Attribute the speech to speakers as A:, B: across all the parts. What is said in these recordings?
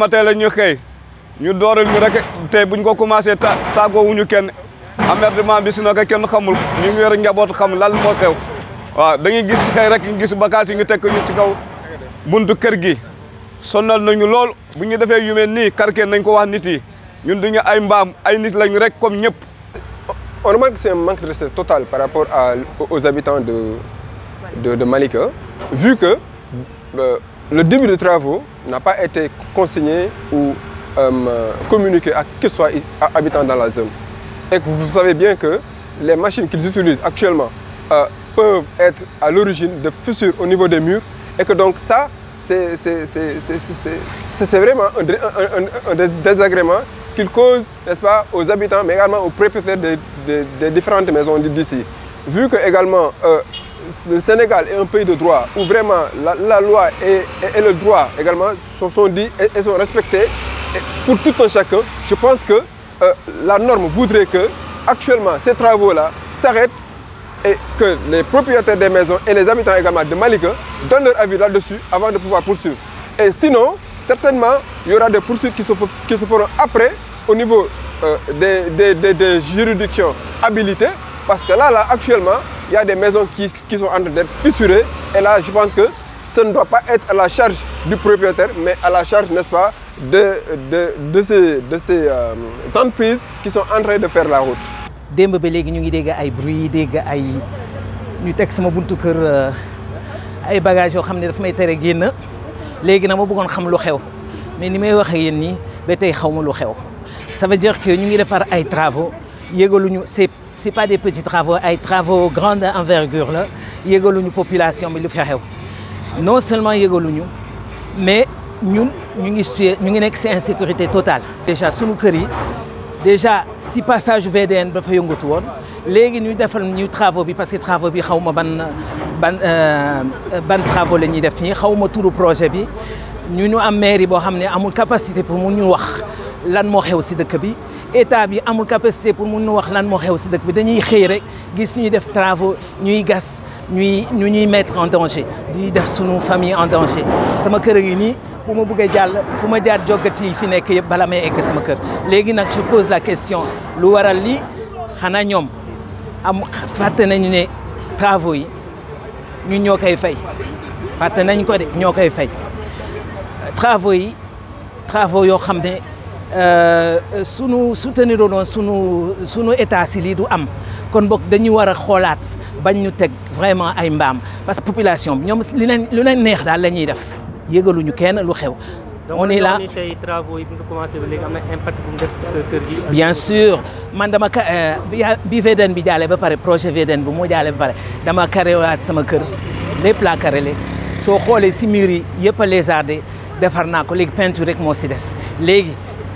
A: matee la ñu xey ñu dooral ñu rek tay buñ ko commencé ta tàggoowuñu kenn emmerdement bi si ko kenn xamul ñu ngi yor njaboot xam lan moo xew da ngay gis xey rek ñu gis bakaas yi ñu tek ñu ci kaw buntu kër gi sonal nañu lool bu ñu defee yu mel nii karkee nañ ko wax nit yi ñun duñu ay mbaam ay nit lañu rek comme ñëpp. on remarque c'est un manque de respect total par rapport à, aux habitants de, de, de Malika, vu que euh, le début des travaux n'a pas été consigné ou euh, communiqué à qui soit habitant dans la zone. Et vous savez bien que les machines qu'ils utilisent actuellement euh, peuvent être à l'origine de fissures au niveau des murs et que donc ça, c'est vraiment un, désagrément qu'ils causent nest pas, aux habitants, mais également aux propriétaires des différentes maisons d'ici vu que également euh, le Sénégal est un pays de droit, où vraiment la, loi et, le droit également sont, sont dit et, sont respectés pour tout un chacun, je pense que euh, la norme voudrait que actuellement ces travaux-là s'arrêtent et que les propriétaires des maisons et les habitants également de Malika donnent leur avis là-dessus avant de pouvoir poursuivre. Et sinon, certainement, il y aura des poursuites qui se, feront après au niveau euh, des juridictions habilitées parce que là, là actuellement, il y a des maisons qui, qui sont en train d'être fissurées. Et là, je pense que ce ne doit pas être à la charge du propriétaire, mais à la charge, n'est-ce pas, de, de, de ces, de ces euh, entreprises qui sont en train de faire la route.
B: démb ba léegi ñu ngi dégg ay bruit dégg ay ñu teg sama buntu kër euh, ay bagages yoo xam ne daf may tere génn léegi nag ma bëggoon xam lu xew mais ni may waxee yéen nii ba tey xaw lu xew ça veut dire que ñu ngi defar ay travaux yëgaluñu c'est c'est pas des petits travaux ay travaux grande envergure la yëgaluñu population bi lu fi non seulement yëgaluñu mais ñun ñu ngi nous ñu ngi nekk insécurité totale. déjà sunu kër déjà si passage VDN ba fa yëngatu woon léegi ñu defal ñu travaux bi parce que travaux bi xaw ma ban euh, ban travaux la ñuy def fii xaw ma turu projet bi ñu ñu am mairie boo xam amul capacité pour mu ñu wax lan moo xew ci dëkk bi état bi amul capacité pour mun wax lan mo xew ci dëkk bi dañuy xey rek gis ñuy def travaux ñuy gas ñuy ñu ñuy mettre en danger di def sunu famille en danger sama kër ngi ni bu ma bëggee jàll fu ma jaar joggati fi nekk yëpp bala may egg sama kër léegi nag je pose la question lu waral li xanaa ñoom am fàtte nañu ne travaux yi ñun ñoo koy fay fàtte nañ ko de ñoo koy fay travaux yi travaux yoo xam ne euh, sunu soutenir noonu sunu suñu état si du am kon bok dañu wara xolaat xoolaat bañ ñu teg vraiment ay mbam parce que population ñom ñoom li leen lu neex daal lañuy def yëgaluñu kenn lu xew. on est là bien sûr man dama ka euh, bi VDN bi jaalee ba pare projet veden bu mo jaalee ba pare dama karewaat sama kër lépp laa karele soo xoolee si mur yi yépp les lézardé defar ko léegi peinture rek mo ci dess légui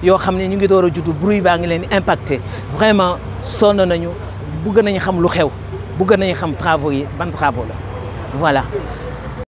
B: Yo, ngi bruit vraiment son nañu bëgg nañu xam lu xew xam voilà